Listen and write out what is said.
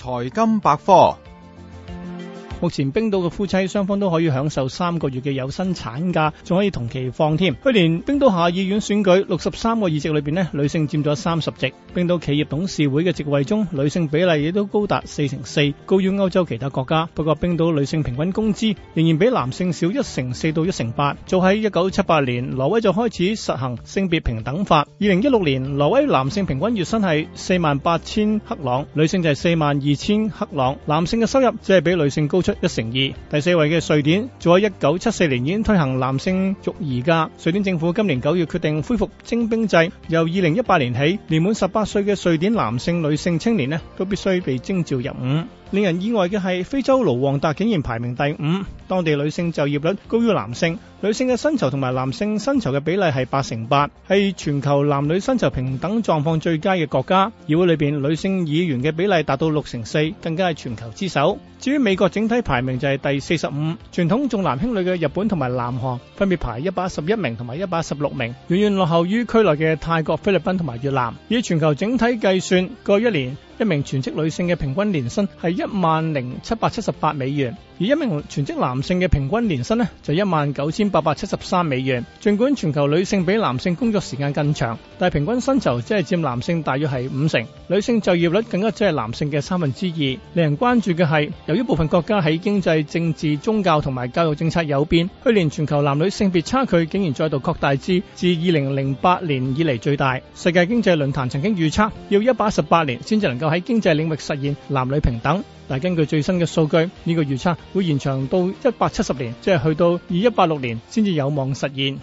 財金百科。目前冰島嘅夫妻雙方都可以享受三個月嘅有薪產假，仲可以同期放添。去年冰島下議院選舉，六十三個議席裏邊呢，女性佔咗三十席。冰島企業董事會嘅席位中，女性比例亦都高達四成四，高於歐洲其他國家。不過冰島女性平均工資仍然比男性少一成四到一成八。早喺一九七八年，挪威就開始實行性別平等法。二零一六年，挪威男性平均月薪係四萬八千克朗，女性就係四萬二千克朗。男性嘅收入只係比女性高出一成乘二，第四位嘅瑞典，喺一九七四年已經推行男性育兒假。瑞典政府今年九月決定恢復徵兵制，由二零一八年起，年滿十八歲嘅瑞典男性、女性青年呢都必須被徵召入伍。令人意外嘅係，非洲盧旺達竟然排名第五，當地女性就業率高於男性。女性嘅薪酬同埋男性薪酬嘅比例係八成八，係全球男女薪酬平等狀況最佳嘅國家。議會裏邊女性議員嘅比例達到六成四，更加係全球之首。至於美國整體排名就係第四十五，傳統重男輕女嘅日本同埋南韓分別排一百十一名同埋一百十六名，遠遠落後於區內嘅泰國、菲律賓同埋越南。以全球整體計算，過去一年，一名全職女性嘅平均年薪係一萬零七百七十八美元，而一名全職男性嘅平均年薪呢，就一萬九千八百七十三美元。盡管全球女性比男性工作時間更長，但係平均薪酬只係佔男性大約係五成，女性就業率更加只係男性嘅三分之二。令人關注嘅係，由於部分國家喺經濟、政治、宗教同埋教育政策有變，去年全球男女性別差距竟然再度擴大至自二零零八年以嚟最大。世界經濟論壇曾經預測，要一百一十八年先至能夠。喺經濟領域實現男女平等，但係根據最新嘅數據，呢個預測會延長到一百七十年，即係去到二一八六年先至有望實現。